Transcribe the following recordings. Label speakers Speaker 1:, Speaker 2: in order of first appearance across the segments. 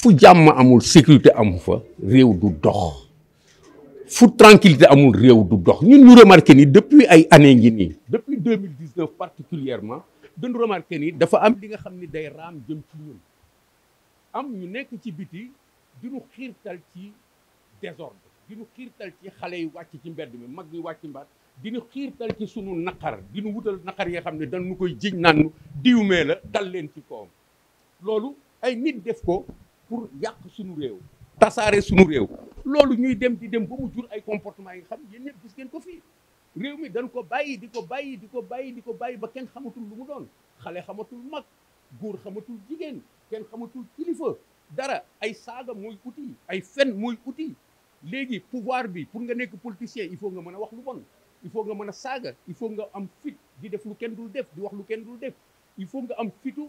Speaker 1: fu jàmm amul sécurité amu fa réew du dox fu tranquillité amul réew du dox ñun ñu remarquer ni depuis ay années ngi nii depuis 2019 particulièrement dañu remarquer ni dafa am li nga xamni day ram jëm ci ñun am ñu nekk ci biti diñu xiirtal ci désordre diñu xiirtal ci xalé yu wacc ci mbedd mi mag ñi wàcc di diñu xiirtal ci sunu di diñu wutal nakar yoo xamni ne dañu koy jiñ naan diwmee la dal leen ci kawam lolu ay nit def ko pour yàq suñu réew tasaare suñu réew loolu ñuy dem di dem ba mu jur ay comportement yi xam yéen ñëpp gis ngeen ko fii réew mi dañ ko bàyyi di ko bàyyi di ko bàyyi di ko bàyyi ba kenn xamatul lu mu doon xale xamatul mag góor xamatul jigéen kenn xamatul kilifa dara ay saaga mooy outil ay fen mooy outil léegi pouvoir bi pour nga nekk politicien il faut nga mën a wax lu bon il faut nga mën a saaga il faut nga am fit di def lu kenn dul def di wax lu kenn dul def i faut nga am fitu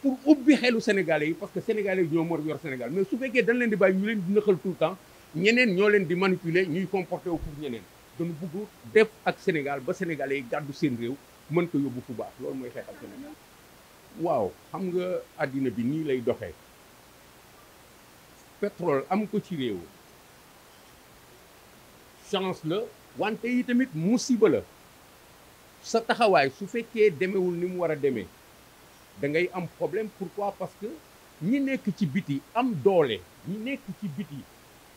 Speaker 1: pour ubbi xelu sénégalais parce que sénégalais yi ñoo mor yor Sénégal mais su fekkee dañ leen di bàyyi ñu leen di nëxal tout le temps ñeneen ñoo leen di manipuler ñuy comporté wu pour ñeneen dañu bugg def ak Sénégal ba sénégalais yi gàddu seen réew mën ko yóbbu fu baax loolu mooy xeexal Sénégal waaw xam nga àddina bi nii lay doxee pétrole am ko ci réew chance la wante yi tamit musiba la sa taxawaay su fekkee demewul ni mu war a da ngay am problème pourquoi parce que ñi nekk ci biti am doole ñi nekk ci biti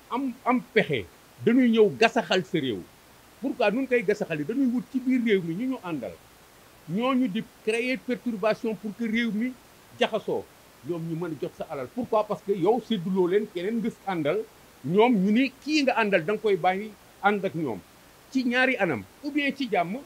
Speaker 1: am am pexe dañuy ñëw gasaxal sa réew nu nun koy gasaxal yi dañuy wut ci biir réew mi ñu ñu àndal ñooñu di créer perturbation pour que réew mi jaxasoo ñoom ñu mën a sa alal pourquoi parce que yow sédduloo leen keneen ngës àndal ñoom ñu ni kii nga àndal da nga koy bàyyi ànd ak ñoom ci ñaari anam ou bien ci jàmm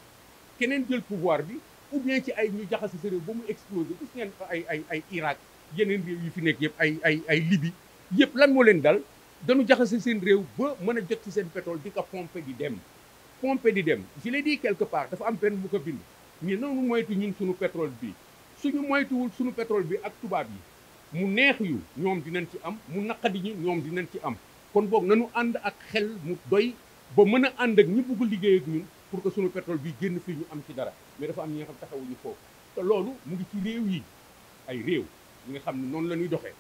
Speaker 1: keneen jël pouvoir bi ou bien ci ay ñu jaxase sa réew ba mu explosé gis ngeen fa ay ay ay Irak yeneen réew yu fi nekk yëpp ay ay ay Libye yëpp lan moo leen dal dañu jaxase seen réew ba mën a jot ci seen pétrole di ko pomper di dem pomper di dem je l'ai dit quelque part dafa am benn bu ko bind mais noonu moytu ñun sunu pétrole bi suñu moytuwul suñu pétrole bi ak tubaab yi mu neex yu ñoom dinañ ci am mu naqadi ñu ñoom dinañ ci am kon boog nañu ànd ak xel mu doy ba mën a ànd ak ñi bëgg pour que suñu pétrole bi génn fii ñu am ci dara mais dafa am ñi nga xam taxawuñu foofu te loolu mu ngi ci réew yi ay réew yi nga xam ne noonu la ñuy doxee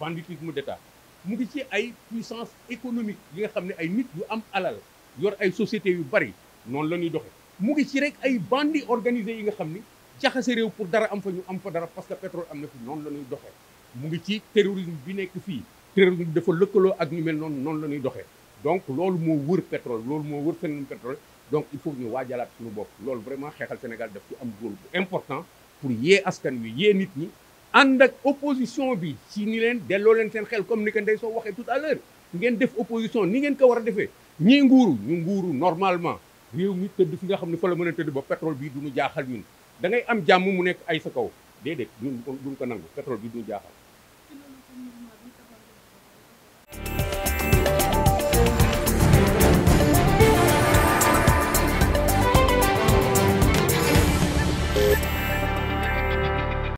Speaker 1: banditisme d'état mu ngi ci ay puissance économique yi nga xam ne ay nit yu am alal yor ay société yu bari noonu la ñuy doxee mu ngi ci rek ay bandi organisé yi nga xam ni jaxase réew pour dara am fa ñu am fa dara parce que pétrole am na fi noonu la ñuy doxee mu ngi ci terrorisme bi nekk fii terrorisme dafa lëkkaloo ak ñu mel noonu noonu la ñuy doxee donc loolu moo wër pétrole loolu moo wër phénomène pétrole donc il faut ñu waajalaat suñu bopp loolu vraiment xeexal Sénégal daf ci am rôle important pour yee askan wi yee nit ñi ànd ak opposition bi ci ni leen delloo leen seen xel comme ni ko Ndeye Sow waxee tout à l'heure ngeen def opposition ni ngeen ko war a defee ñii nguuru ñu nguuru normalement réew mi tëdd fi nga xam ne fa la mën a tëdd ba pétrole bi duñu jaaxal ñun da ngay am jàmm mu nekk ay sa kaw déedéet ñun duñ ko nangu pétrole bi duñu jaaxal